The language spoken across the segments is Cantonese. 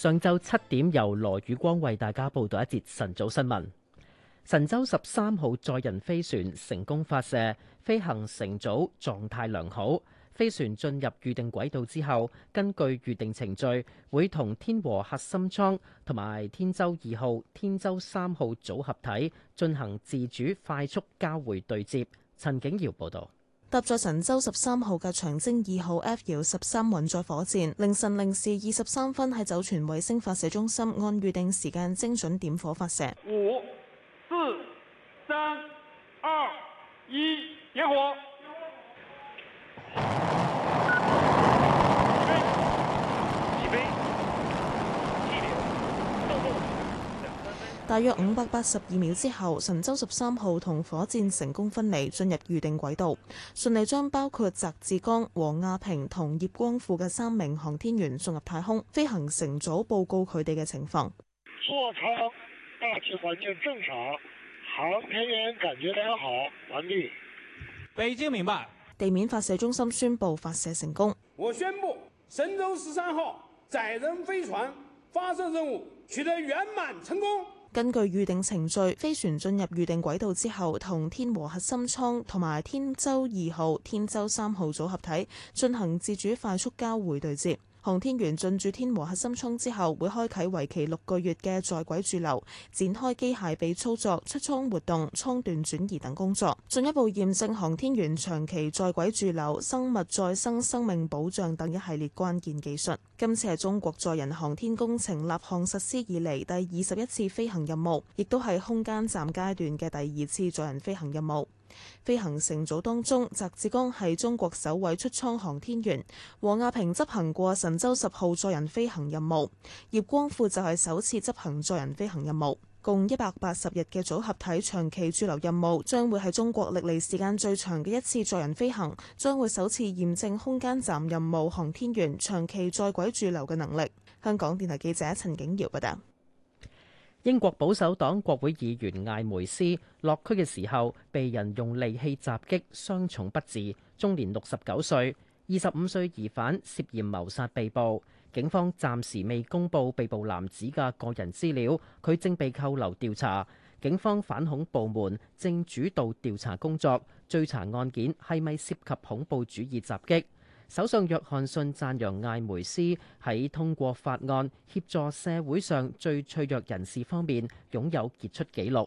上晝七點，由羅宇光為大家報道一節晨早新聞。神舟十三號載人飛船成功發射，飛行成組狀態良好。飛船進入預定軌道之後，根據預定程序，會同天和核心艙同埋天舟二號、天舟三號組合體進行自主快速交會對接。陳景耀報道。搭載神舟十三號嘅長征二號 F 遙十三運載火箭，凌晨零時二十三分喺酒泉衛星發射中心按預定時間精準點火發射。五、四、三、二、一，點火！大約五百八十二秒之後，神舟十三號同火箭成功分離，進入預定軌道，順利將包括翟志剛、王亞平同葉光富嘅三名航天員送入太空。飛行乘組報告佢哋嘅情況：座艙大氣環境正常，航天員感覺良好，完畢。北京明白。地面發射中心宣布發射成功。我宣布，神舟十三號載人飛船發射任務取得圓滿成功。根據預定程序，飛船進入預定軌道之後，同天和核心艙同埋天舟二號、天舟三號組合體進行自主快速交會對接。航天員進駐天和核心艙之後，會開啟為期六個月嘅在軌駐留，展開機械臂操作、出艙活動、艙段轉移等工作，進一步驗證航天員長期在軌駐留、生物再生、生命保障等一系列關鍵技術。今次係中國載人航天工程立項實施以嚟第二十一次飛行任務，亦都係空間站階段嘅第二次載人飛行任務。飛行乘組當中，翟志剛係中國首位出艙航天員，王亞平執行過神舟十號載人飛行任務，葉光富就係首次執行載人飛行任務。共一百八十日嘅組合體長期駐留任務，將會係中國歷嚟時間最長嘅一次載人飛行，將會首次驗證空間站任務航天員長期在軌駐留嘅能力。香港電台記者陳景瑤報道。英國保守黨國會議員艾梅斯落區嘅時候，被人用利器襲擊，傷重不治，終年六十九歲。二十五歲疑犯涉嫌謀殺被捕。警方暫時未公布被捕男子嘅個人資料，佢正被扣留調查。警方反恐部門正主導調查工作，追查案件係咪涉及恐怖主義襲擊。首相約翰遜讚揚艾梅斯喺通過法案協助社會上最脆弱人士方面擁有傑出紀錄，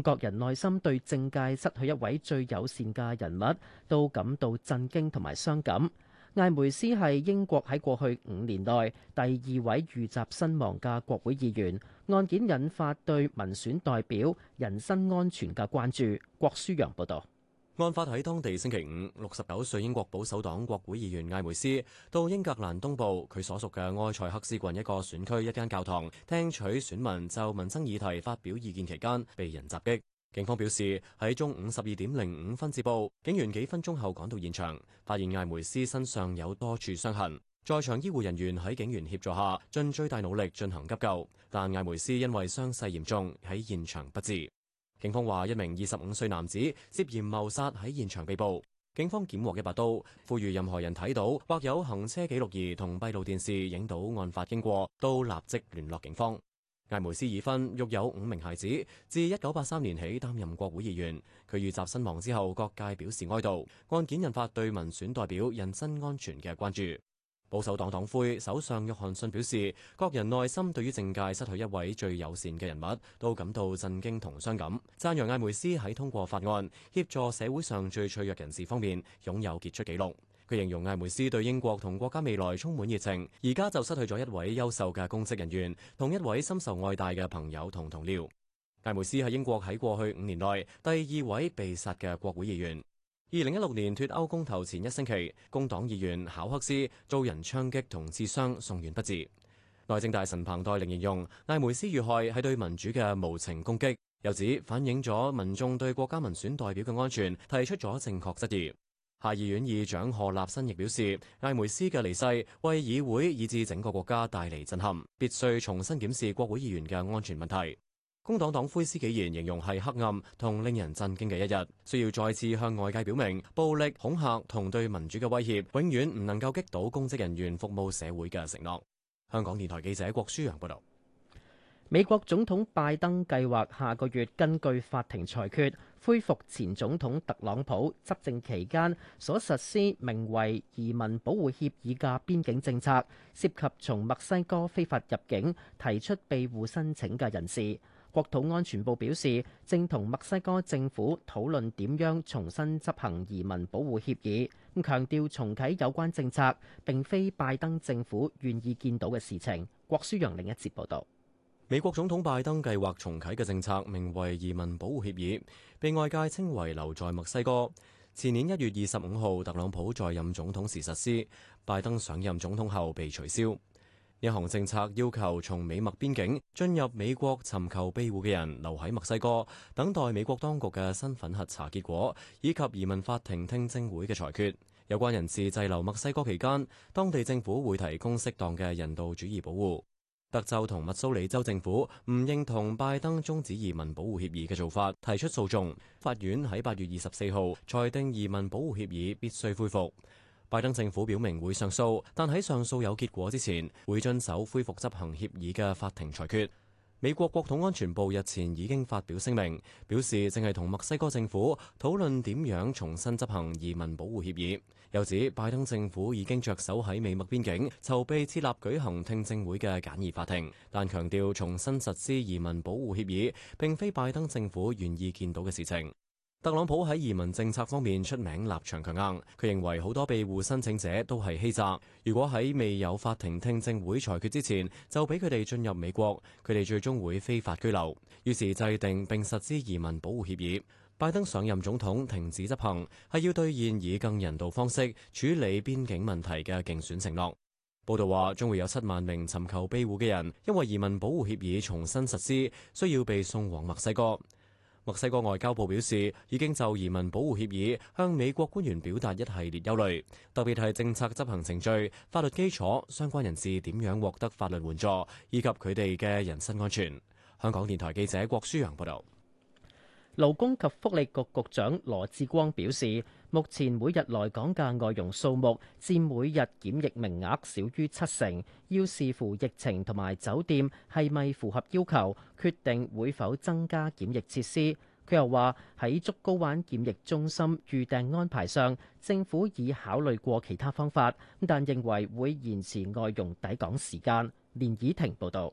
各人內心對政界失去一位最友善嘅人物都感到震驚同埋傷感。艾梅斯係英國喺過去五年內第二位遇襲身亡嘅國會議員，案件引發對民選代表人身安全嘅關注。郭舒陽報道。案發喺當地星期五，六十九歲英國保守黨國會議員艾梅斯到英格蘭東部佢所屬嘅埃塞克斯郡一個選區一間教堂聽取選民就民生議題發表意見期間，被人襲擊。警方表示喺中午十二點零五分接報，警員幾分鐘後趕到現場，發現艾梅斯身上有多處傷痕。在場醫護人員喺警員協助下盡最大努力進行急救，但艾梅斯因為傷勢嚴重喺現場不治。警方話一名二十五歲男子涉嫌謀殺喺現場被捕，警方檢獲嘅拔刀，呼籲任何人睇到或有行車記錄儀同閉路電視影到案發經過，都立即聯絡警方。艾梅斯已婚，育有五名孩子，自一九八三年起擔任國會議員。佢遇襲身亡之後，各界表示哀悼，案件引發對民選代表人身安全嘅關注。保守黨黨魁首相約翰遜表示，各人內心對於政界失去一位最友善嘅人物都感到震驚同傷感，讚揚艾梅斯喺通過法案協助社會上最脆弱人士方面擁有傑出紀錄。佢形容艾梅斯對英國同國家未來充滿熱情，而家就失去咗一位優秀嘅公職人員同一位深受愛戴嘅朋友同同僚。艾梅斯係英國喺過去五年內第二位被殺嘅國會議員。二零一六年脱歐公投前一星期，工黨議員考克斯遭人槍擊同刺傷，送院不治。內政大臣彭黛玲形容艾梅斯遇害係對民主嘅無情攻擊，又指反映咗民眾對國家民選代表嘅安全提出咗正確質疑。下議院議長賀立新亦表示，艾梅斯嘅離世為議會以至整個國家帶嚟震撼，必須重新檢視國會議員嘅安全問題。工黨黨魁施紀賢形容係黑暗同令人震驚嘅一日，需要再次向外界表明，暴力恐嚇同對民主嘅威脅永遠唔能夠擊倒公職人員服務社會嘅承諾。香港電台記者郭舒陽報道。美國總統拜登計劃下個月根據法庭裁決恢復前總統特朗普執政期間所實施、名為移民保護協議嘅邊境政策，涉及從墨西哥非法入境提出庇護申請嘅人士。國土安全部表示，正同墨西哥政府討論點樣重新執行移民保護協議。咁強調重啟有關政策，並非拜登政府願意見到嘅事情。郭書陽另一節報道，美國總統拜登計劃重啟嘅政策名為移民保護協議，被外界稱為留在墨西哥。前年一月二十五號，特朗普在任總統時實施，拜登上任總統後被取消。一項政策要求從美墨邊境進入美國尋求庇護嘅人留喺墨西哥，等待美國當局嘅身份核查結果以及移民法庭聽證會嘅裁決。有關人士滯留墨西哥期間，當地政府會提供適當嘅人道主義保護。德州同密蘇里州政府唔認同拜登終止移民保護協議嘅做法，提出訴訟。法院喺八月二十四號裁定移民保護協議必須恢復。拜登政府表明會上訴，但喺上訴有結果之前，會遵守恢復執行協議嘅法庭裁決。美國國土安全部日前已經發表聲明，表示正係同墨西哥政府討論點樣重新執行移民保護協議。又指拜登政府已經着手喺美墨邊境籌備設立舉行聽證會嘅簡易法庭，但強調重新實施移民保護協議，並非拜登政府願意見到嘅事情。特朗普喺移民政策方面出名立場強硬，佢認為好多庇護申請者都係欺詐。如果喺未有法庭聽證會裁決之前就俾佢哋進入美國，佢哋最終會非法居留。於是制定並實施移民保護協議。拜登上任總統停止執行，係要兌現以更人道方式處理邊境問題嘅競選承諾。報道話，將會有七萬名尋求庇護嘅人，因為移民保護協議重新實施，需要被送往墨西哥。墨西哥外交部表示，已經就移民保護協議向美國官員表達一系列憂慮，特別係政策執行程序、法律基礎、相關人士點樣獲得法律援助，以及佢哋嘅人身安全。香港電台記者郭舒揚報道。勞工及福利局局長羅致光表示，目前每日來港嘅外傭數目佔每日檢疫名額少於七成，要視乎疫情同埋酒店係咪符合要求，決定會否增加檢疫設施。佢又話喺竹篙灣檢疫中心預訂安排上，政府已考慮過其他方法，但認為會延遲外傭抵港時間。連以婷報道。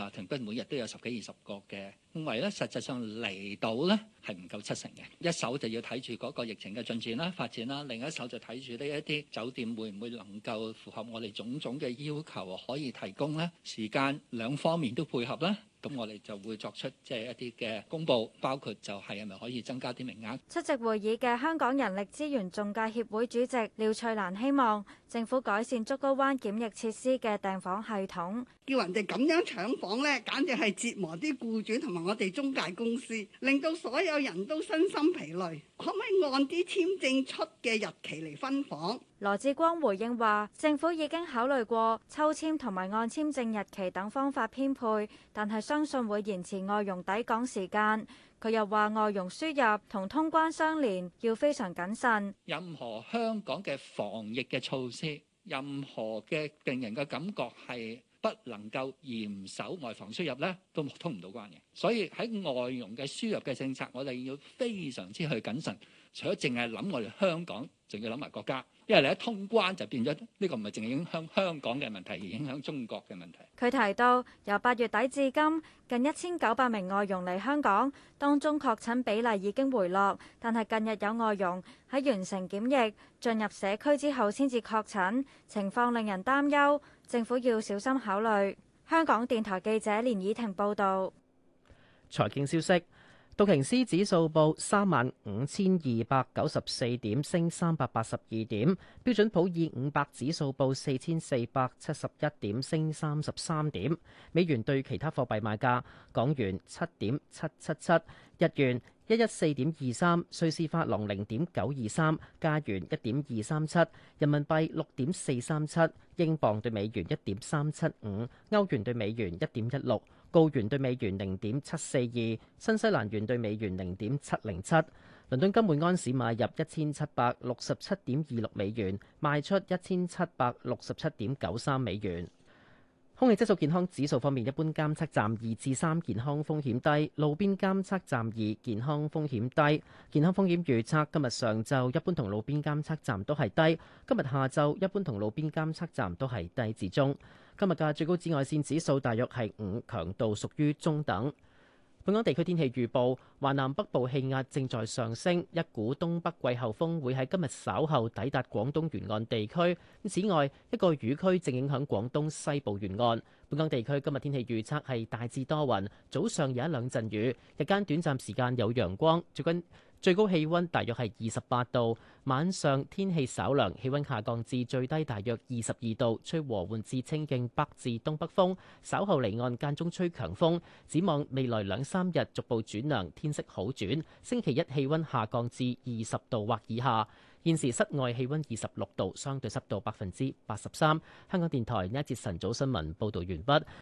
啊，平均每日都有十幾二十個嘅，因為咧實際上嚟到咧係唔夠七成嘅。一手就要睇住嗰個疫情嘅進展啦、發展啦，另一手就睇住呢一啲酒店會唔會能夠符合我哋種種嘅要求，可以提供咧。時間兩方面都配合啦，咁我哋就會作出即係一啲嘅公佈，包括就係係咪可以增加啲名額。出席會議嘅香港人力資源仲介協會主席廖翠蘭希望，政府改善竹篙灣檢疫設施嘅訂房系統，叫人哋咁樣搶房咧，簡直係折磨啲僱主同埋我哋中介公司，令到所有人都身心疲累。可唔可以按啲簽證出嘅日期嚟分房？羅致光回應話，政府已經考慮過抽籤同埋按簽證日期等方法編配，但係相信會延遲外傭抵港時間。佢又話外傭輸入同通關相連，要非常謹慎。任何香港嘅防疫嘅措施，任何嘅令人嘅感覺係不能夠嚴守外防輸入咧，都通唔到關嘅。所以喺外傭嘅輸入嘅政策，我哋要非常之去謹慎。除咗淨係諗我哋香港，仲要諗埋國家。因為你一通關就變咗，呢個唔係淨係影響香港嘅問題，而影響中國嘅問題。佢提到，由八月底至今，近一千九百名外傭嚟香港，當中確診比例已經回落，但係近日有外傭喺完成檢疫、進入社區之後先至確診，情況令人擔憂。政府要小心考慮。香港電台記者連以婷報導。財經消息。道瓊斯指數報三萬五千二百九十四點，升三百八十二點。標準普爾五百指數報四千四百七十一點，升三十三點。美元對其他貨幣賣價：港元七點七七七，日元一一四點二三，瑞士法郎零點九二三，加元一點二三七，人民幣六點四三七，英鎊兌美元一點三七五，歐元兌美元一點一六。高元對美元零點七四二，新西蘭元對美元零點七零七，倫敦金每安士買入一千七百六十七點二六美元，賣出一千七百六十七點九三美元。空氣質素健康指數方面，一般監測站二至三，健康風險低；路邊監測站二，健康風險低。健康風險預測今日上晝一般同路邊監測站都係低，今日下晝一般同路邊監測站都係低至中。今日嘅最高紫外綫指數大約係五，強度屬於中等。本港地區天氣預報，華南北部氣壓正在上升，一股東北季候風會喺今日稍後抵達廣東沿岸地區，此外，一個雨區正影響廣東西部沿岸。本港地區今日天氣預測係大致多雲，早上有一兩陣雨，日間短暫時間有陽光。最近最高氣溫大約係二十八度，晚上天氣稍涼，氣溫下降至最低大約二十二度，吹和緩至清勁北至東北風。稍後離岸間中吹強風，展望未來兩三日逐步轉涼，天色好轉。星期一氣溫下降至二十度或以下。現時室外氣溫二十六度，相對濕度百分之八十三。香港電台呢一節晨早新聞報道完畢。